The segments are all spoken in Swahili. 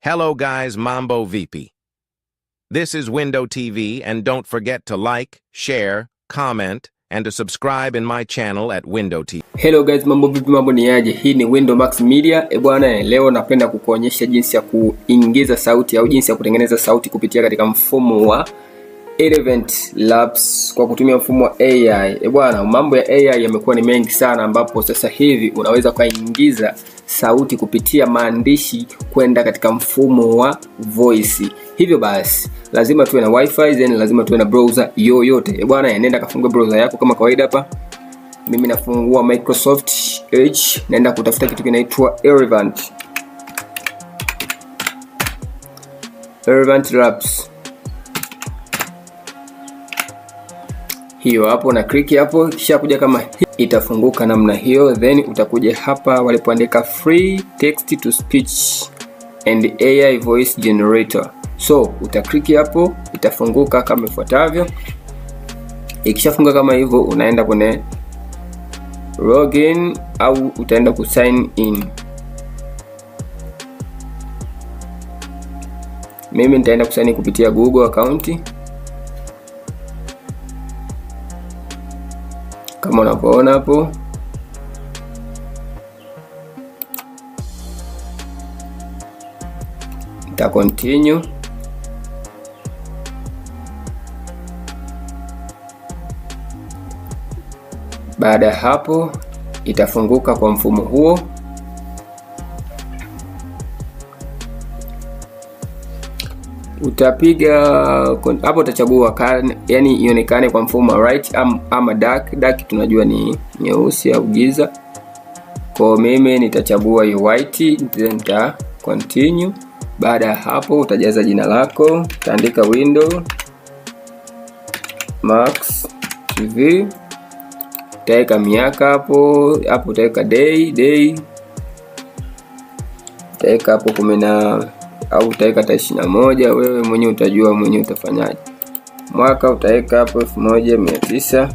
Hello guys, Mambo Vipi. This is Window TV and don't forget to like, share, comment and to subscribe in my channel at Window TV. Hello guys, mambo vipi, mambo ni aje? Hii ni Window Max Media. E bwana, leo napenda kukuonyesha jinsi ya kuingiza sauti au jinsi ya kutengeneza sauti kupitia katika mfumo wa Relevant Labs kwa kutumia mfumo wa AI. E bwana, mambo ya AI yamekuwa ni mengi sana, ambapo sasa hivi unaweza ukaingiza sauti kupitia maandishi kwenda katika mfumo wa voice. Hivyo basi lazima tuwe na wifi, then lazima tuwe na browser yoyote. E bwana, nenda kafungue browser yako kama kawaida hapa mimi nafungua Microsoft Edge, naenda kutafuta kitu kinaitwa Relevant Relevant Labs. hiyo hapo na click hapo, kisha kuja kama hii itafunguka namna hiyo, then utakuja hapa walipoandika free text to speech and AI voice generator. So click hapo, itafunguka kama ifuatavyo. Ikishafunga kama hivyo, unaenda kwenye login au utaenda ku sign in. Mimi nitaenda kusaini kupitia Google account. kama unavyoona hapo. Nita continue Baada ya hapo itafunguka kwa mfumo huo. utapiga hapo, utachagua yani ionekane kwa mfumo wa right am, ama dark. Dark tunajua ni nyeusi au giza, kwa mimi nitachagua hii white, then ta continue. Baada ya hapo, utajaza jina lako, utaandika window Max TV, utaweka miaka hapo hapo, utaweka day day, utaweka hapo kumi na au utaweka hata ishirini na moja wewe mwenyewe utajua mwenyewe utafanyaje. Mwaka utaweka hapo elfu moja mia tisa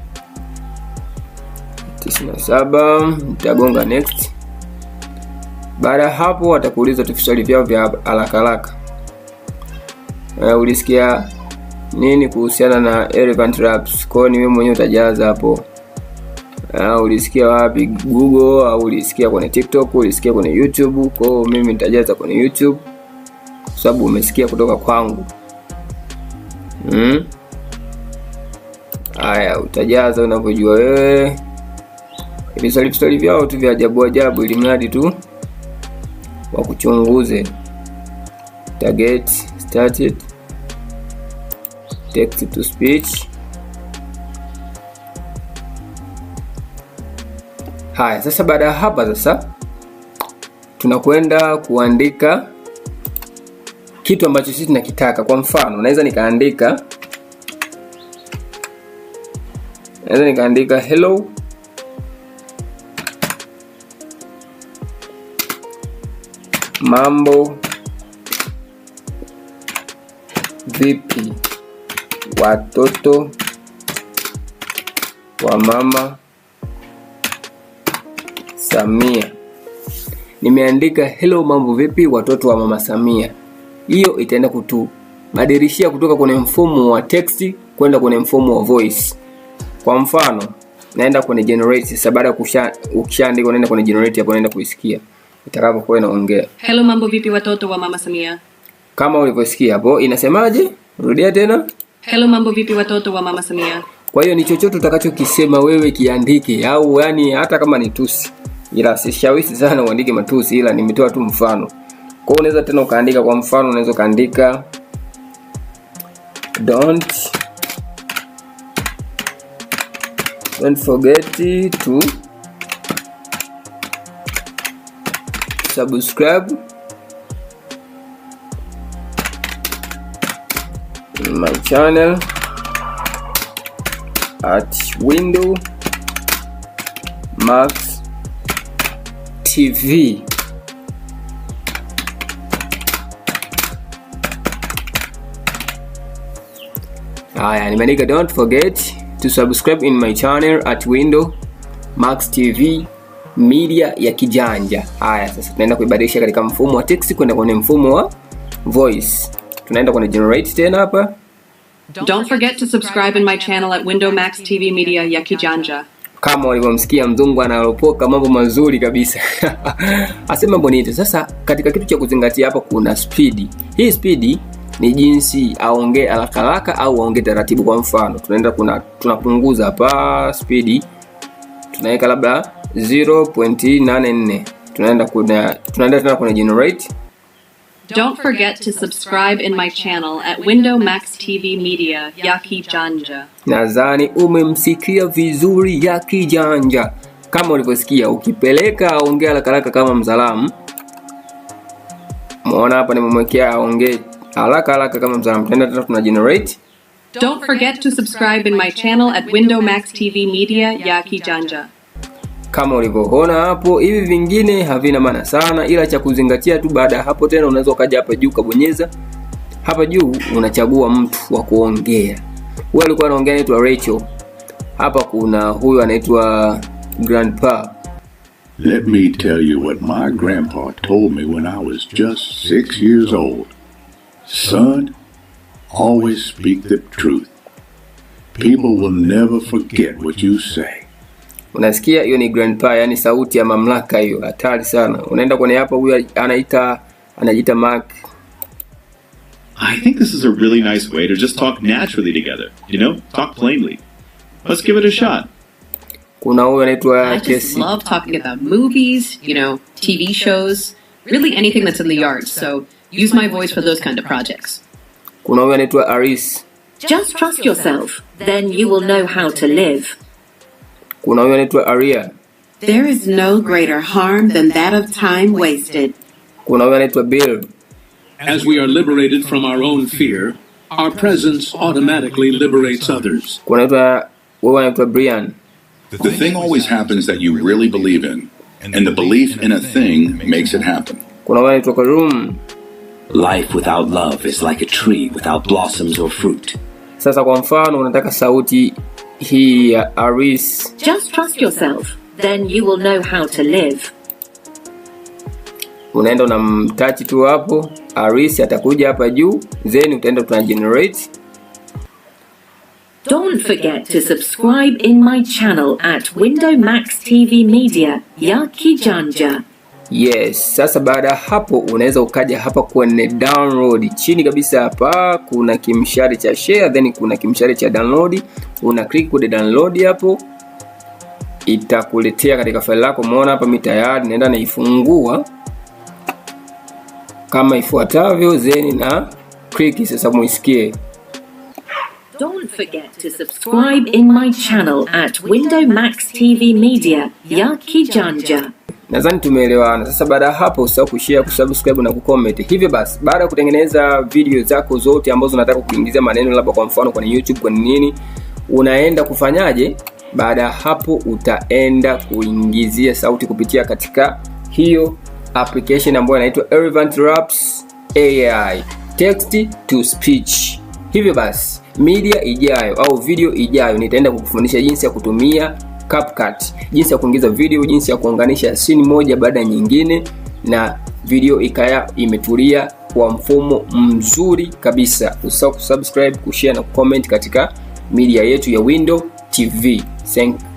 tisini na saba utagonga next. Baada ya hapo watakuuliza tu viswali vyao vya haraka haraka. Uh, ulisikia nini kuhusiana na elephant wraps? Kwa ni wewe mwenyewe utajaza hapo. Uh, ulisikia wapi Google au ulisikia kwenye TikTok, ulisikia kwenye YouTube? kwao mimi nitajaza kwenye YouTube sababu umesikia kutoka kwangu. Haya, hmm? Utajaza unavyojua wewe visali visali vyao tu vya ajabu ajabu, ili mradi tu wakuchunguze. Target started, text to speech. Haya, sasa baada ya hapa sasa tunakwenda kuandika kitu ambacho sisi tunakitaka. Kwa mfano, naweza nikaandika naweza nikaandika hello mambo vipi watoto wa mama Samia. Nimeandika hello mambo vipi watoto wa mama Samia hiyo itaenda kutubadilishia kutoka kwenye mfumo wa text kwenda kwenye mfumo wa voice. Kwa mfano naenda kwenye generate sasa, baada ya ukishaandika unaenda kwenye generate hapo, unaenda kuisikia itakapokuwa inaongea. Hello, mambo vipi watoto wa mama Samia? Kama ulivyosikia hapo, inasemaje? Rudia tena. Hello, mambo vipi watoto wa mama Samia. Kwa hiyo ni chochote utakachokisema wewe kiandike, au yani hata kama ni tusi, ila sishawishi sana uandike matusi, ila nimetoa tu mfano kwa unaweza tena ukaandika kwa mfano unaweza ukaandika don't don't forget to subscribe my channel at window max tv Haya, nimeandika don't forget to subscribe in my channel at Window Max TV media ya kijanja. Haya, sasa tunaenda kuibadilisha katika mfumo wa text kwenda kwenye mfumo wa voice. Tunaenda kwenye generate tena hapa. Don't forget to subscribe in my channel at Window Max TV media ya kijanja. Kama walivyomsikia mzungu analopoka mambo mazuri kabisa asema bonito. Sasa katika kitu cha kuzingatia hapa kuna speed. Hii speed ni jinsi aongee haraka haraka au aongee taratibu. Kwa mfano, tunaenda kuna tunapunguza hapa speed tunaweka labda 0.84 tunaenda kuna tunaenda tena kuna generate. Don't forget to subscribe in my channel at Window Max TV Media Yaki Janja. Nadhani umemsikia vizuri Yaki Janja. Kama ulivyosikia ukipeleka aongee haraka haraka kama mzalamu. Muona hapa nimemwekea aongee haraka haraka kama mtaalamu. mtenda tena tuna generate. Don't forget to subscribe in my channel at Window Max TV Media ya Kijanja. Kama ulivyoona hapo, hivi vingine havina maana sana, ila cha kuzingatia tu. Baada ya hapo tena unaweza ukaja hapa juu ukabonyeza hapa juu, unachagua mtu wa kuongea. Wewe ulikuwa unaongea naitwa Rachel, hapa kuna huyu anaitwa grandpa. Let me tell you what my grandpa told me when I was just six years old. Son, always speak the truth. People will never forget what you say. Unasikia hiyo ni grandpa, yani sauti ya mamlaka hiyo, hatari sana. Unaenda kwenye hapa, huyu anaita anajiita Mark. I think this is a really nice way to just talk naturally together, you know, talk plainly. Let's give it a shot. Kuna huyu anaitwa Jesse. love talking about movies, you know, TV shows, really anything that's in the yard. So Use my voice for those kind of projects. Aris. Just trust yourself, then you will know how to live. Aria. There is no greater harm than that of time wasted. Bill. As we are liberated from our own fear, our presence automatically liberates others. Brian. The thing always happens that you really believe in, and the belief in a thing makes it happen. Life without love is like a tree without blossoms or fruit. Sasa kwa mfano unataka sauti hii ya Aris. Just trust yourself, then you will know how to live. Unaenda mtachi tu hapo, Aris atakuja hapa juu, then utaenda tuna generate. Don't forget to subscribe in my channel at Window Max TV Media ya Kijanja. Yes, sasa baada ya hapo unaweza ukaja hapa kwenye download. Chini kabisa hapa kuna kimshari cha share, then kuna kimshare cha download. Una click kwenye download hapo, itakuletea katika faili lako. Umeona hapa mimi tayari naenda naifungua kama ifuatavyo, then na click sasa muisikie. Don't forget to subscribe in my channel at Window Max TV Media ya Kijanja. Nadhani tumeelewana. Sasa baada ya hapo, usisahau kushare, kusubscribe na kucomment. Hivyo basi, baada ya kutengeneza video zako zote ambazo unataka kuingiza maneno, labda kwa mfano kwenye YouTube, kwa nini, unaenda kufanyaje? Baada ya hapo, utaenda kuingizia sauti kupitia katika hiyo application ambayo inaitwa Elevate Raps AI text to speech. Hivyo basi, media ijayo au video ijayo nitaenda kukufundisha jinsi ya kutumia CapCut, jinsi ya kuingiza video, jinsi ya kuunganisha scene moja baada ya nyingine na video ikaya imetulia kwa mfumo mzuri kabisa. Usisahau kusubscribe, kushare na kucomment katika media yetu ya Window TV. Thank